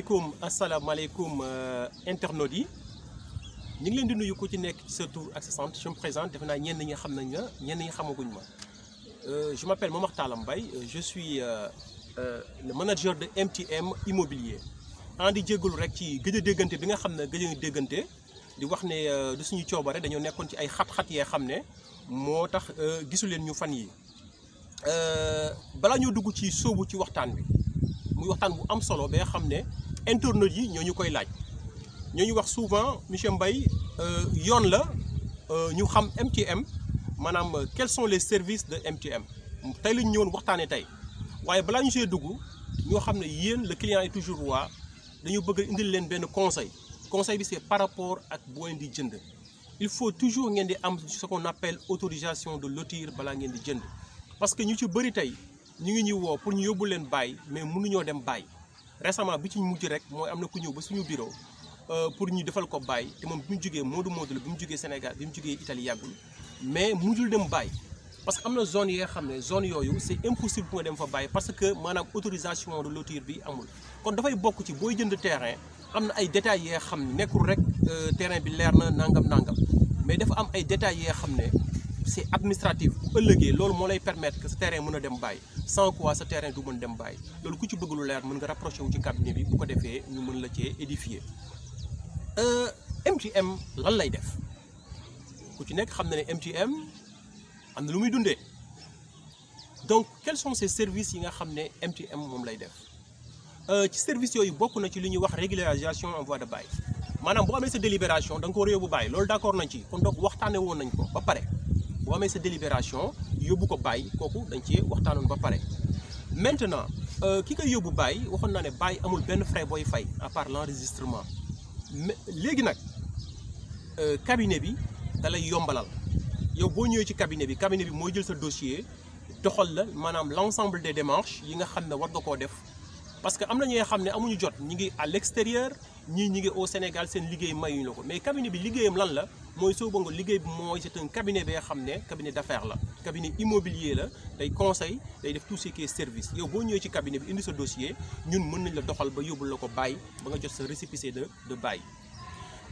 asalaamaaleykum asalaamaaleykum euh, internautes internodi ñu ngi leen di nuyu ku ci nekk ci sa tour ak sa centre je me présente def naa ñenn ñi xam nañ ma ñenn ñi xamaguñ ma euh, je m'appelle Momar Talla euh, je suis le manager de MTM Immobilier en di rek ci gëj a déggante bi nga xam ne gëj a déggante di wax ne du suñu coobare dañoo nekkoon ci ay xat-xat yee xam ne moo tax gisu leen ñu fan yi balaa ñoo dugg ci sóobu ci waxtaan bi muy waxtaan bu am solo ba nga xam ne internautes yi ñoo ñu koy laaj ñoo ñu wax souvent monsieur Mbaye euh, yoon la euh, ñu xam MTM manam euh, quels sont les services de MTM tay la ñu ñëwoon waxtaanee tey waaye balaa ñu see dugg ñoo xam yeen le client est toujours roi dañu bëgg indi leen benn conseil conseil bi c'est par rapport ak bo indi jënd il faut toujours ngeen di am ce qu'on appelle autorisation de lotir bala ngeen di jënd parce que ñu ci bëri tay ñu ngi ñuy wo pour ñu yobul leen bàyyi mais mënuñoo dem bàyyi. récemment bi ci mujj rek mooy am na ku ñëw ba suñu bureau euh, pour ñu defal ko bàyyi te moom bi mu jógee Modou Modou la bi mu jógee Sénégal bi mu jógee Italie yàggul mais mujjul dem bàyyi parce que am na zone yi nga xam ne zone yooyu c' est impossible dem fa bàyyi parce que maanaam autorisation de lotir bi amul kon dafay bokk ci booy jënd terrain am na ay détails yi xam ne nekkul rek euh, terrain bi leer na nangam nangam mais dafa am ay détails yi xam ne c'est administratif bu ëllëgee loolu moo lay permettre que sa terrain mën dem bàyyi sans quoi sa terrain du mën dem bàyyi loolu ku ci bëgg lu leer mën nga rapproché wu ci cabinet bi bu ko defee ñu mën la cee édifier MTM euh, lan lay def ku ci nekk xam MTM am na lu muy dundee donc quels sont ces services yi nga xam ne MTM moom lay def euh, ci services yooyu bokk na ci li ñuy wax régularisation en voie de bail maanaam boo amee ces délibérations da nga ko war a yóbbu bail loolu d'accord nañ ci kon donc waxtaanee woon nañ ko ba pare boo amee sa délibération yobou ko bay koku dañ ci waxtaanoon ba paré maintenant euh, ki koy yobou bay waxon na né bay amul benn frais boy fay à part l'enregistrement nak euh cabinet bi da lay yombalal yow bo ñëw ci cabinet bi cabinet bi moy jël sa dossier doxal la manam l'ensemble des démarches yi nga xamné war dako def parce que am na xamné amuñu jot ñi ngi à l'extérieur ñii ñi ngi au Sénégal sen liggéey mayuñ la ko mais cabinet bi liggéeyam lan la mooy Sow Bongo liggéey bi mooy c'est un cabinet bi nga cabinet d'affaires là cabinet immobilier là day conseil day def tout ce qui est service yow boo ñëwee ci cabinet bi indi sa dossier ñun mën nañ la doxal ba yóbbul la ko bàyyi ba nga jot sa récépissé de de bàyyi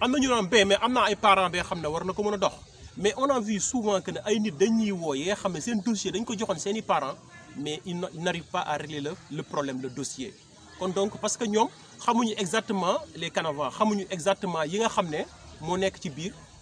am nañu naan ba mais am ay parents bi nga xam ne war na ko mën dox mais on a vu souvent que ne ay nit dañuy woo yi nga xam dossier dañ ko joxoon seen parents mais ils n'arrivent pas à régler le le problème le dossier kon donc parce que ñoom xamuñu exactement les canevas xamuñu exactement yi nga xam ne nekk ci biir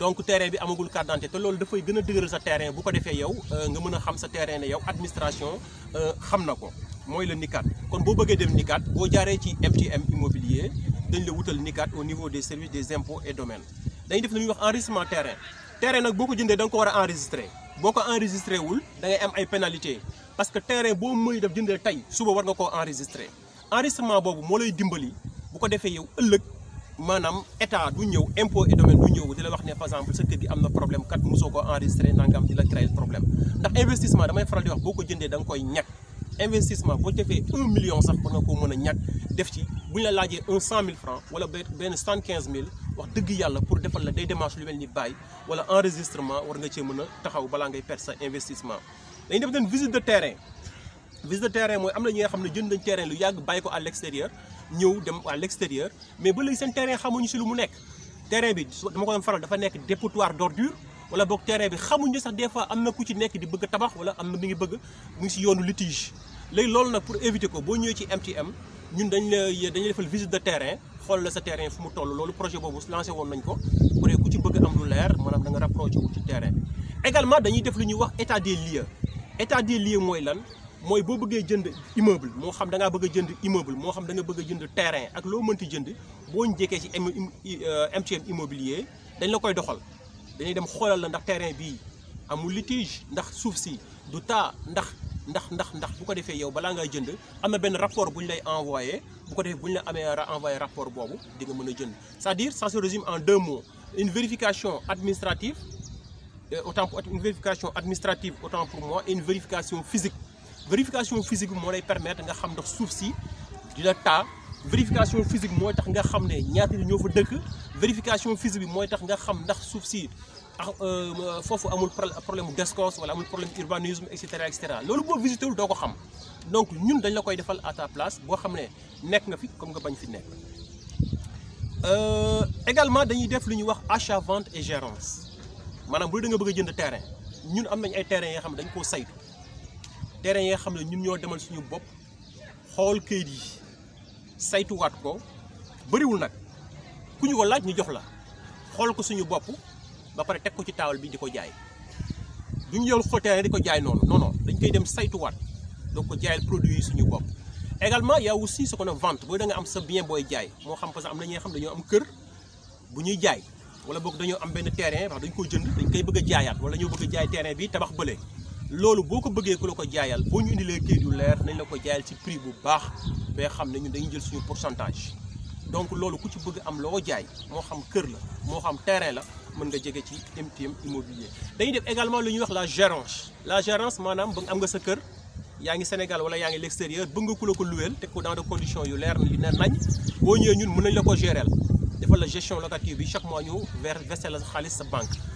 donc terrain bi amagul carte d'identité te loolu dafay gën a sa terrain bu ko défé yow euh, nga mëna xam sa terrain yow administration euh, xam nako moy le la NICAT kon bo bëggee dem NICAT bo jaaree ci MTM immobilier dañ la wutal NICAT au niveau des services des impôts et domaines dañ def lu ñuy wax enregistrement terrain terrain nak boko jëndé jëndee da nga ko war a enregistré boo wul da ngay am ay pénalité parce que terrain boo mëy def jëndee tey suba war nga ko enregistré enregistrement bobu mo lay dimbali bu ko défé yow ëlëk manam état du ñew impôt et domaine du ñew dila la wax ne par exemple sa kër gi amna problème kat musoko ko enregistré nangam di la créer problème ndax investissement damay faral di wax boko jëndé dang koy ñàkk investissement bo defee un million sax ba nga ko mën a ñàkk def ci buñ la lajé un francs wala ben cent quinze wax dëgg yalla pour defal la day démarche lu melni ni wala enregistrement war nga ci mëna a taxaw balaa ngay perdre sa investissement dañu def den visite de terrain visite de terrain moy amna ñi nga xamné jënd nañ terrain lu yag bàyyi ko à l'extérieur ñëw dem à l'extérieur mais ba léegi seen terrain xamuñu si lu mu nekk terrain bi dama ko doon faral dafa nekk dépotoir d'ordure wala boog terrain bi xamuñu sax des fois am na ku ci nekk di bëgg tabax wala am na mi ngi bëgg mu ngi si yoonu litige léegi loolu nag pour éviter ko boo ñëwee ci MTM ñun dañ la dañuy defal visite de terrain xool la sa terrain fu mu toll loolu projet boobu lancé woon nañ ko bu ku ci bëgg am lu leer maanaam da nga rapproché wu ci terrain bi également dañuy def lu ñuy wax état des lieux état des lieux mooy lan moy bo bëggee jënd immeuble mo xam da nga bëgg jënd immeuble mo xam da nga bëgg jënd terrain ak lo mënti jënd boo njëkkee ci MTM euh, immobilier dañ la koy doxal dañuy dem xolal la ndax terrain bi amul litige ndax suuf si du ta ndax ndax ndax ndax bu ko défé yow bala nga jënd am na benn rapport buñ lay envoyer bu ko defee buñ ñu la amee envoyé rapport bobu di nga mën jënd c'est-à-dire ça se résume en deux mots une vérification administrative euh, autant pour une vérification administrative autant pour moi et une vérification physique vérification physique bi moo lay permettre nga xam ndax suuf si di la taa vérification physique mooy tax nga xam ne ñaata ñoo fa dëkk vérification physique bi mooy tax nga xam ndax suuf si ah foofu amul problème d'escorte wala amul problème urbanisme etc., etc. et cetera loolu boo visité wul ko xam donc ñun dañ la koy defal à ta place boo xam ne nekk nga fi comme nga bañ fi nekk. Euh, également dañuy def lu ñuy wax achat vente et gérance maanaam bu da nga bëgg a jënd terrain ñun am nañ ay terrains yoo xam ne dañ koo saytu. terrain yi xam ne ñun ñoo demal suñu bopp xool kayit yi saytuwaat ko bariwul nag ku ñu ko laaj ñu jox la xool ko suñu bopp ba pare teg ko ci taawal bi di ko jaay du ñu yow xool ko jaay noonu non non dañ koy dem saytuwaat donc ko jaayal produit yi suñu bopp. également y a aussi ce qu'on a vente booy da nga am sa bien booy jaay moo xam parce am na ñi xam dañoo am kër bu ñuy jaay wala boog dañoo am benn terrain wax dañ ko jënd dañ koy bëgg a jaayaat wala ñoo bëgg a jaay terrain bi tabax bële. loolu boko beugé bëggee ku la ko jaayal bo ñu indilee kayit yu lèr nañ la ko jaayal ci prix bu baax bé xam ne ñun dañuy jël suñu pourcentage donc loolu ku ci bëgg am loo jaay mo xam kër la mo xam terrain la mën nga jege ci MTM immobilier. dañuy def également lu ñu wax la gérance la gérance manam bu am nga sa kër yaangi Sénégal wala yaangi l'extérieur bëgg nga ku la ko luweel teg ko dans de conditions yu lèr ni ne nañ bo ñëwee ñun mën nañ la ko géréel defal la gestion locative bi chaque mois ñu verser la xaalis sa banque.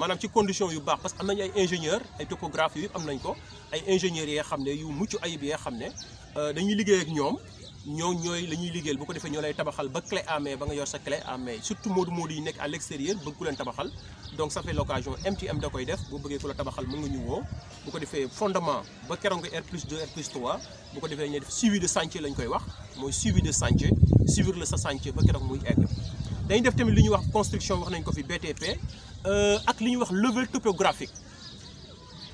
manam ci condition yu baax parce que am nañu ay ingénieur ay topographe yëpp am nañ ko ay ingénieurs yi nga xam ne yu mucc ayib yi nga xam ne euh, dañuy liggéey ak ñoom ñoo ñooy la ñuy liggéeyal bu ko defee ñoo lay tabaxal ba clé en ba nga yor sa clé en main surtout moodu moodu yi nekk à l'extérieur bëgg ku leen tabaxal donc ça fait l'occasion MTM da koy def bu bëggee ku la tabaxal mën nga ñu woo bu ko defee fondement ba keroog nga R plus 2 R plus 3 bu ko defee ñu def suivi de chantier lañ koy wax mooy suivi de chantier suivre le sa chantier ba keroog muy egg dañuy def tamit li ñuy wax construction wax nañ ko fi BTP euh, ak li ñuy wax level topographique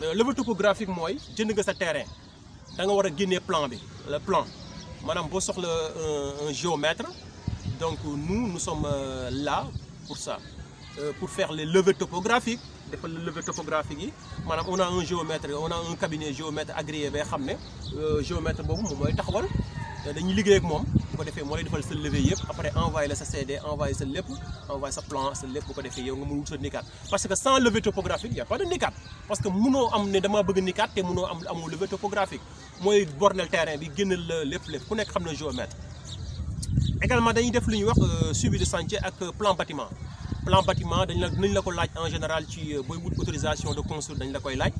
euh, level topographique mooy jënd nga sa terrain da nga war a génnee plan bi le plan maanaam boo soxla euh, un géomètre donc nous nous sommes là pour ça pour faire les levées topographiques defal la levée topographique yi maanaam on a un géomètre on a un cabinet géomètre agréé bay xam ne géomètre boobu moom mooy taxawal dañuy liggéey ak moom bu ko defee moo lay defal sa levé yëpp après envoyé la sa CD envoyé sa lépp envoyé sa plan sa lépp bu ko defee yow nga mën wut sa nikat parce que sans levé topographique y a pas de nikat parce que munoo am ne dama bëgg nikat te munoo am amoo levé topographique mooy bornel terrain bi génnal la lépp lépp ku nekk xam na géomètre également dañuy def lu ñuy wax euh, suivi de chantier ak euh, plan bâtiment plan bâtiment dañ la dañ la ko laaj en général ci euh, booy wut autorisation de construire dañ la koy laaj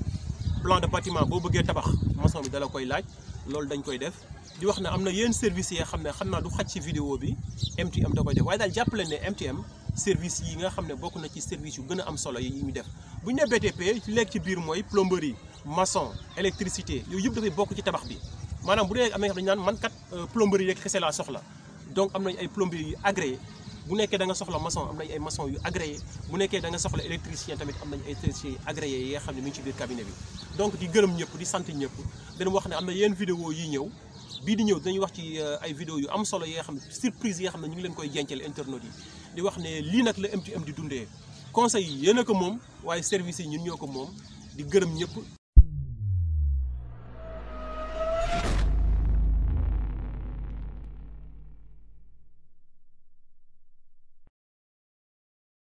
plan de bâtiment boo bëggee tabax maçon bi da la koy laaj loolu dañ koy def di wax ne am na yenn service yi nga xam ne xam naa du xaj ci vidéo bi MTM da koy def waaye daal jàpp ne MTM service yi nga xam ne bokk na ci service yu gën a am solo yi ñu def bu ñu ne BTP léegi ci biir mooy plomberie maçon électricité yooyu yëpp dafay bokk ci tabax bi maanaam bu dee am na dañu naan man kat euh, plomberie rek xese laa soxla donc am nañu ay plomberie yu agréé bu nekkee da nga soxla maçon am nañ ay maçon yu agréé bu nekkee da nga soxla électricien tamit am nañ ay électricien yu agréé yi nga xam ne mi ngi ci biir cabinet bi donc di gërëm ñëpp di sant ñëpp dañu wax ne am na yenn vidéo yi ñëw bii di ñëw dañuy wax ci euh, ay vidéo yu am solo yee xam ne surprise yee xam ne ñu ngi leen koy jencal internautes yi di wax ne lii nag la MTM di dundee conseil yi yéen a ko moom waaye services yi ñun ñoo ko moom di gërëm ñëpp